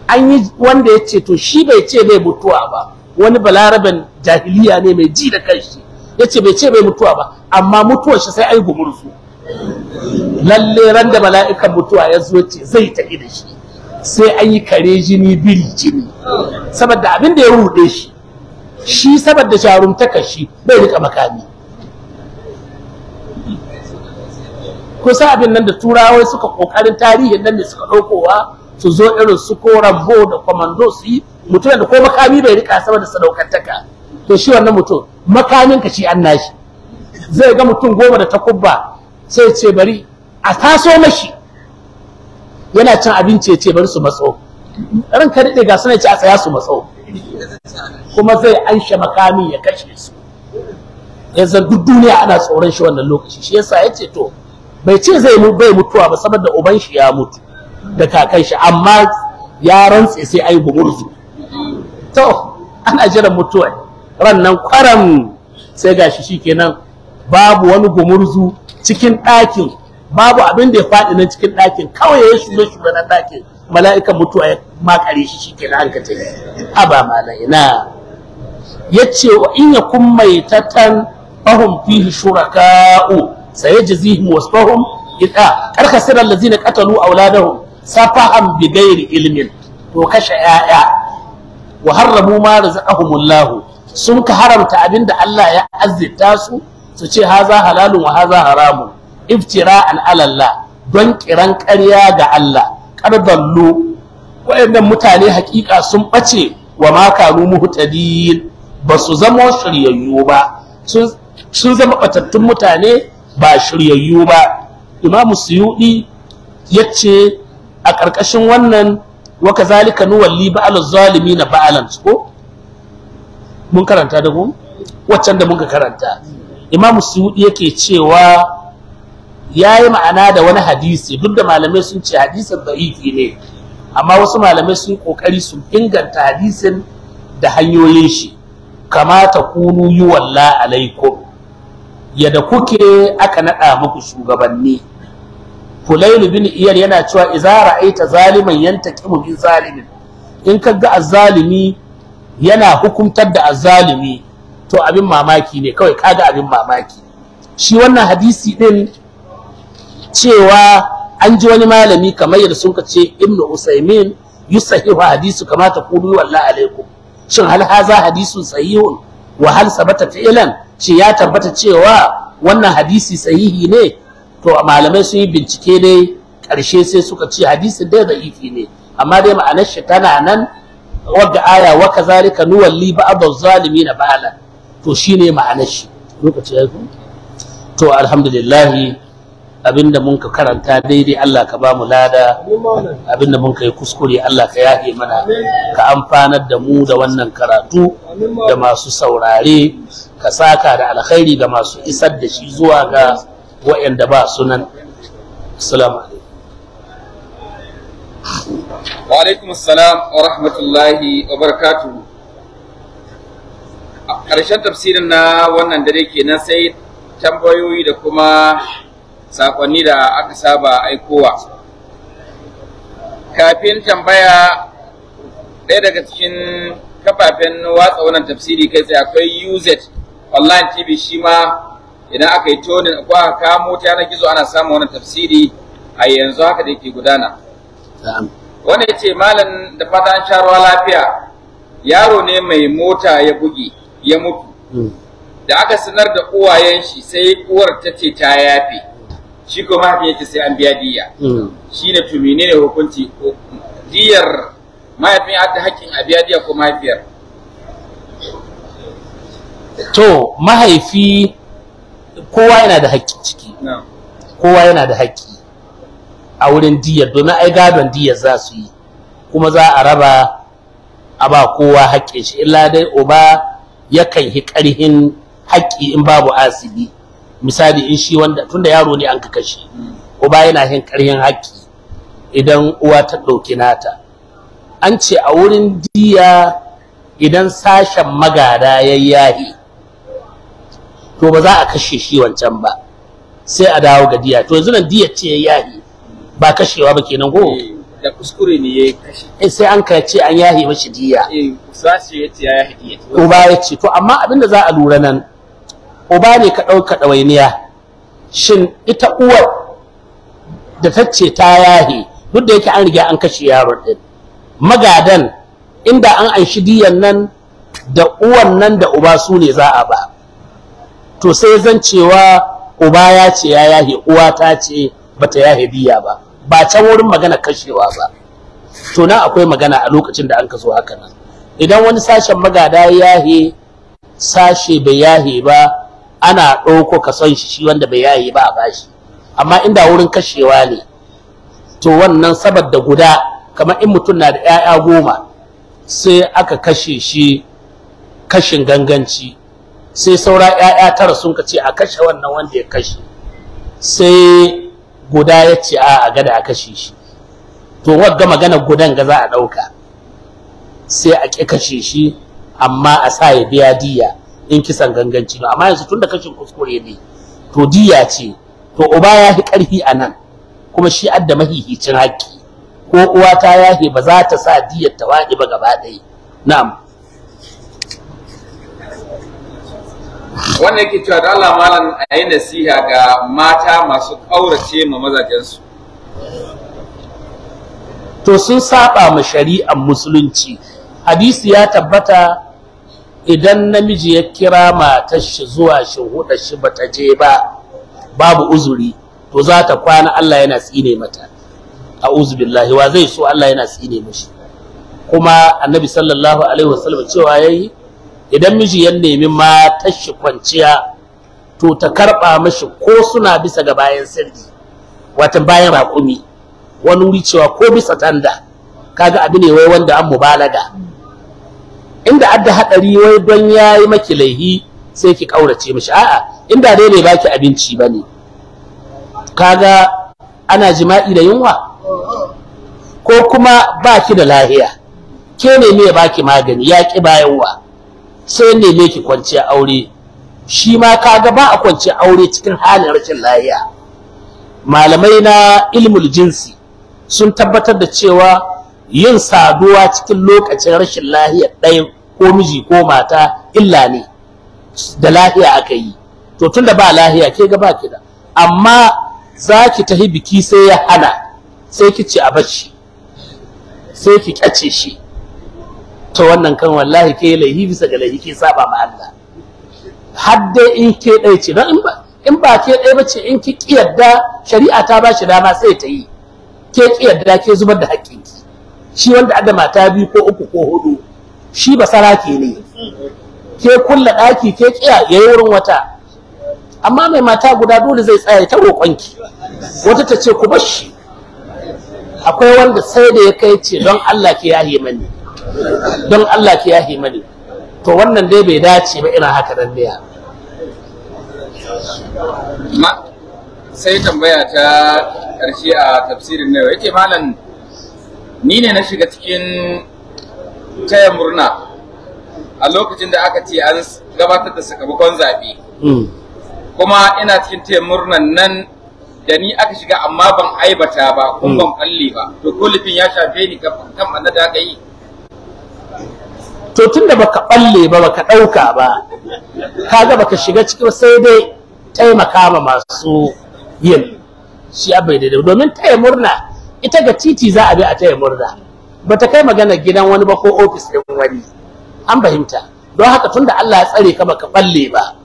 an yi wanda ya ce to shi bai ce bai mutuwa ba wani balaraben jahiliya ne mai ji da kanshi ya ce bai ce bai mutuwa ba amma mutuwar shi sai ai gumurzu lalle ran da mala'ikan mutuwa ya zo ce zai ta da shi sai an yi kare jini biri jini saboda abin da ya rude shi shi saboda jarumtaka shi bai rika makami kusa abin nan da turawai suka kokarin tarihin nan ne suka ɗaukowa su zo irin su ko rambo da kwamando su yi mutum da ko makami bai rika saboda sadaukantaka to shi wannan mutum makamin ka shi an nashi zai ga mutum goma da takubba sai ce bari a taso mashi yana cin abinci ya ce bari su matso ran ka daɗe ga suna ce a tsaya su matso kuma zai ansha makami ya kashe su yanzu duk duniya ana tsoron shi wannan lokaci shi yasa ya ce to bai ce zai bai mutuwa ba saboda uban shi ya mutu da kakan shi amma ya rantse sai ai bugurzu to ana jiran mutuwa ran nan kwaram sai gashi shikenan babu wani gumurzu cikin ɗakin babu abin da ya faɗi nan cikin ɗakin kawai ya shure shure na ɗakin mala'ikan mutuwa ya makare shi ke na hanka tafi aba malai na yace wa in yakun maitatan fahum fihi shuraka'u sayajzihim wasfahum ida karkasira allazina qatalu auladahum safahan bighairi ilmin to kashe yaya wa harramu ma razaqahumullahu sun ka haramta abinda Allah ya azzita su su ce haza halalun wa haza haramun Iftira iftira'an alallah don kiran ƙarya ga Allah kardallu Waɗannan mutane haƙiƙa sun ɓace wa ma kanu muhtadin ba su zama shiryayyu ba sun zama ɓatattun mutane ba shiryayyu ba imamu suyudi yace a ƙarƙashin wannan wa kazalika nuwalli ba'al na ba'alan ko mun karanta da mu waccan da muka karanta imamu suyudi yake cewa ya yi ma'ana da wani hadisi duk da malamai sun ce hadisin da'ifi ne amma wasu malamai sun ƙoƙari kokari su inganta hadisin da hanyoyin shi kamata kunu yi walla alaikum yadda kuke aka naɗa muku shugabanni Fulailu bin Iyar yana cewa idza ra'aita zaliman yantaqimu bi zalimin in kaga azzalimi yana hukuntar da azzalimi to abin mamaki ne kawai kaga abin mamaki shi wannan hadisi din cewa an ji wani malami kamar yadda sun ce ibnu usaimin yusahihu hadisu kama ta kulu wallahi alaikum shin hal haza hadisun sahihun wa hal sabata fi'lan shi ya tabbata cewa wannan hadisi sahihi ne to malamai sun yi bincike ne karshe sai suka ce hadisin dai da'ifi ne amma dai ma'anar shi tana nan wadda aya wa kazalika nuwalli ba'd az-zalimin ba'ala to shine ma'anar shi lokaci ya ku to alhamdulillahi abinda mun ka karanta daidai Allah ka ba mu lada abinda mun ka yi kuskure Allah ka yafe mana ka amfanar da mu da wannan karatu da masu saurare ka saka da alkhairi ga masu isar da shi zuwa ga waɗanda ba sunan assalamu alaikum wa alaikum assalam wa rahmatullahi wa barakatuhu Karshen tafsirin na wannan dare kenan sai tambayoyi da kuma sakonni da aka saba aikowa kafin tambaya ɗaya daga cikin kafafen watsa wannan tafsiri kai sai akwai UZ online TV shi ma idan aka yi tonin ko aka kamo ta yanar gizo ana samun wannan tafsiri a yanzu haka da yake gudana. Wanda ya ce malam da fata an sha lafiya yaro ne mai mota ya buge ya mutu hmm. da aka sanar da uwayen shi sai uwar ta ce ta yafe shi ko mahaifin yake sai an biya diya hmm. ne to menene hukunci diyar mahaifin ya ta hakkin a biya diya ko mahaifiyar to mahaifi kowa yana da hakki ciki kowa yana da hakki a wurin diyar domin ai gadon diyar za su yi kuma za a raba a ba kowa hakkin shi illa dai uba yakan hi ƙarhin haƙƙi in babu asibi misali in shi wanda tunda yaro ne an ka kashe uba yana hin ƙarhin haƙƙi idan uwa ta ɗauki nata an ce a wurin diya idan sashen magada ya yahi to ba za a kashe shi wancan ba sai a dawo ga diya to yanzu nan diya ce ya yahi ba kashewa ba kenan ko eh. da kuskure ne ya kashi sai an kace an yahi mashi diya eh sashi yace ya yahi diya uba ya ce, to amma abinda za a lura nan uba ne ka dauka dawainiya shin ita uwar da ta ce ta yahi duk da yake an riga an kashe yaron ɗin? magadan inda an anshi diyan nan da uwan nan da uba su ne za a ba to sai zan cewa uba ya ce ya yahi uwa ta ce bata yahi diya ba ba can wurin magana kashewa ba to nan akwai magana a lokacin da an ka zo haka nan idan wani sashen magada yahe sashe bai yahe ba ana ɗauko ka shi shi wanda bai yahe ba a bashi amma inda wurin kashewa ne to wannan saboda guda kamar in mutum na da 'ya'ya goma sai aka kashe shi kashin ganganci sai saura 'ya'ya tara sun ka ce a kashe wannan wanda ya kashe sai guda ya ce a a gada a kashe shi to wagga magana gudan ga za a ɗauka sai a ƙi kashe shi amma a sa ya biya diya in kisan ganganci amma yanzu tun da kashin kuskure ne to diya ce to uba ya fi ƙarfi a nan kuma shi adda mahihicin haƙƙi ko uwa ta yahe ba za ta sa diyar ta waɗi ba gaba ɗaya na'am wannan yake cewa da Allah malam ayi nasiha ga mata masu kaurace ma mazajensu to sun saba ma shari'ar musulunci hadisi ya tabbata idan namiji ya kira matar shi zuwa shi huda shi bata je ba babu uzuri to za ta kwana Allah yana tsine mata a'udhu billahi wa zai so Allah yana tsine mishi kuma annabi sallallahu alaihi wasallam cewa yayi idan miji ya nemi matar shi kwanciya to ta karɓa mashi ko suna bisa ga bayan sirri watan bayan raƙumi wani wuri cewa ko bisa tanda kaga abu ne wai wanda an mubalaga inda adda haɗari wai don yayi maki laihi sai ki ƙaurace mishi a'a inda dai ne baki abinci bane kaga ana jima'i da yunwa ko kuma baki da lahiya ke ne me baki magani ya ki bayarwa sai ne neme ki kwanciya aure shi ma ga ba a kwanciya aure cikin halin rashin lahiya malamai na ilmul jinsi sun tabbatar da cewa yin saduwa cikin lokacin rashin lahiya ɗaya ko miji ko mata illa ne da lahiya aka yi to tunda ba lahiya ke ga ba ki da amma za ki tahi biki sai ya hana sai ki ci a bacci sai ki kyace shi to wannan kan wallahi ke laihi bisa ga laihi ke saba ma Allah har dai in ke dai ce don in ba ke dai bace in ki kiyarda shari'a ta ba shi dama sai ta yi ke kiyarda ke zubar da haƙƙinki shi wanda ada mata biyu ko uku ko hudu shi ba saraki ne ke kulla ɗaki ke kiya yayi wurin wata amma mai mata guda dole zai tsaya ta roƙonki wata ta ce ku bar shi akwai wanda sai da ya kai ce don Allah ke yahe mani don Allah ki yahi mani to wannan dai bai dace ba ina haka dan ma sai tambaya ta karshe a tafsirin nawa yake malam ni ne na shiga cikin taya murna a lokacin da aka ce an gabatar da sakamakon zaɓe hmm. kuma ina cikin taya murnan nan da ni aka shiga amma ban aibata ba kuma hmm. ban kalli ba to kullufin ya shafe ni kan da aka yi to tunda baka balle ba baka dauka ba kaga baka shiga cikin sai dai taimaka ma masu yin shi abai da domin taya murna ita ga titi za a bi a taya murna bata kai magana gidan wani ba ko ofis din wani an fahimta don haka tunda Allah ya tsare ka baka balle ba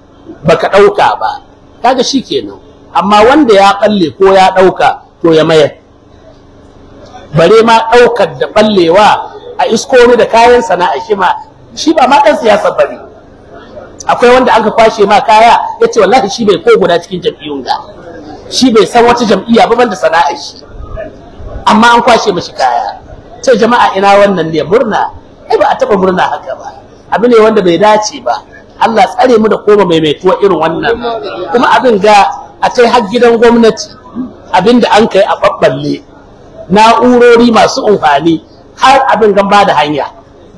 baka dauka ba kaga shi shikenan amma wanda ya balle ko ya dauka to ya mayar bare ma daukar da ballewa a isko ne da kayan sana'a shi ma shi ba ma dan siyasa bane akwai wanda aka kwashe ma kaya Ya yace wallahi shi bai ko guda cikin jam'iyyun ga shi bai san wata jam'iyya ba banda sana'a shi amma an kwashe mishi kaya sai jama'a ina wannan ne murna ai ba a taba murna haka ba abu ne wanda bai dace ba Allah tsare mu da koma maimaituwa irin wannan kuma abin ga a kai har gidan gwamnati abin da an kai a babballe na'urori masu amfani har abin gan ba da hanya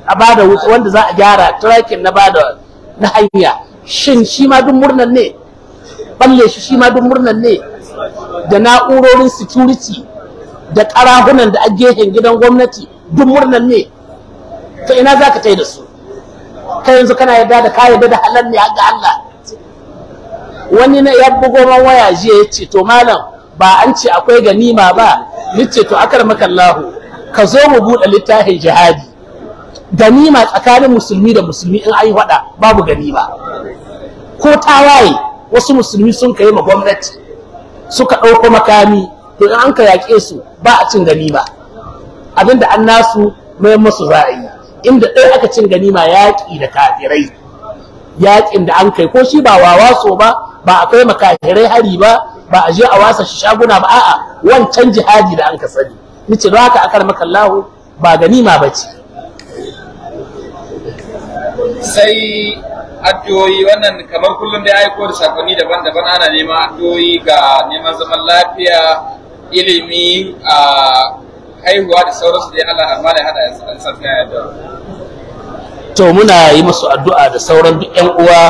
a bada wanda za a gyara tracking na da na hanya shin shi ma duk murnan ne balle shi shi ma duk murnan ne da na'urorin security da karahunan da a gidan gwamnati duk murnan ne to ina za ka tai da su kai yanzu kana yarda da ka yarda da halal ne ga Allah wani na ya bugo man waya jiya ya ce to malam ba an ce akwai ganima ba ni ce to akar makallahu ka zo mu buɗe littafin jihadi ganima tsakanin musulmi da musulmi in ayi waɗa faɗa babu ganima ko tawaye wasu musulmi sun kai ma gwamnati suka ɗauko makami to in an ka yaƙe su ba a cin ganima abinda an nasu mai musu ra'ayi inda ɗaya aka cin ganima yaƙi da kafirai yaƙin da an kai ko shi ba wawa so ba ba a kai makafirai hari ba ba a je a wasa shi shaguna ba a'a wancan jihadi da an ka sani nace don haka akar maka Allah ba ganima bace sai addu'o'i wannan kamar kullum da aiko da sakonni daban-daban ana neman addu'o'i ga neman zaman lafiya ilimi a haihuwa da sauransu da Allah amma da hada an sarka ya da to muna yi musu addu'a da sauran duk ƴan uwa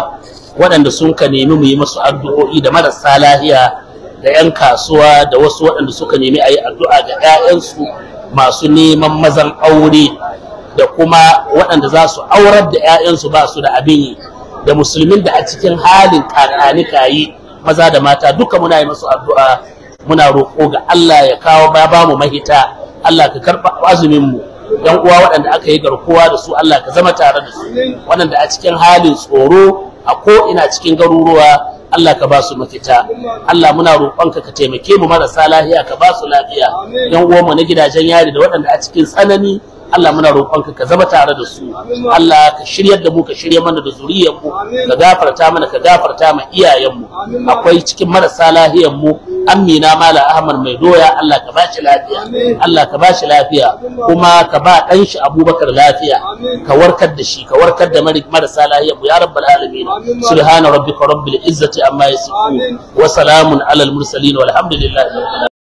waɗanda sun ka nemi mu yi musu addu'o'i da marasa lafiya da 'yan kasuwa da wasu waɗanda suka nemi a yi addu'a ga 'ya'yansu masu neman mazan aure da kuma waɗanda za su aurar da 'ya'yansu ba su da abin yi da musulmin da a cikin halin ka yi maza da mata duka muna yi masu addu'a muna roƙo ga Allah ya kawo ba mu mahita Allah ka karɓa azumin mu yan uwa waɗanda aka yi garkuwa da su Allah ka zama tare da su waɗanda a cikin halin tsoro a ko ina cikin garuruwa Allah ka ba su mafita Allah muna roƙonka ka taimake mu marasa lafiya ka ba su lafiya yan uwanmu na gidajen yari da waɗanda a cikin tsanani Allah muna roƙonka ka zama tare da su Allah ka shiryar da mu ka shirya mana da zuriyar mu ka gafarta mana ka gafarta ma iyayen mu akwai cikin marasa lahiyar mu Amina Mala Ahmad mai doya Allah ka bashi lafiya Allah ka bashi lafiya kuma ka ba dan shi Abubakar lafiya ka warkar da shi ka warkar da marasa lahiyar mu ya rabbal alamin subhana rabbika rabbil izzati amma yasifun wa salamun alal mursalin walhamdulillahi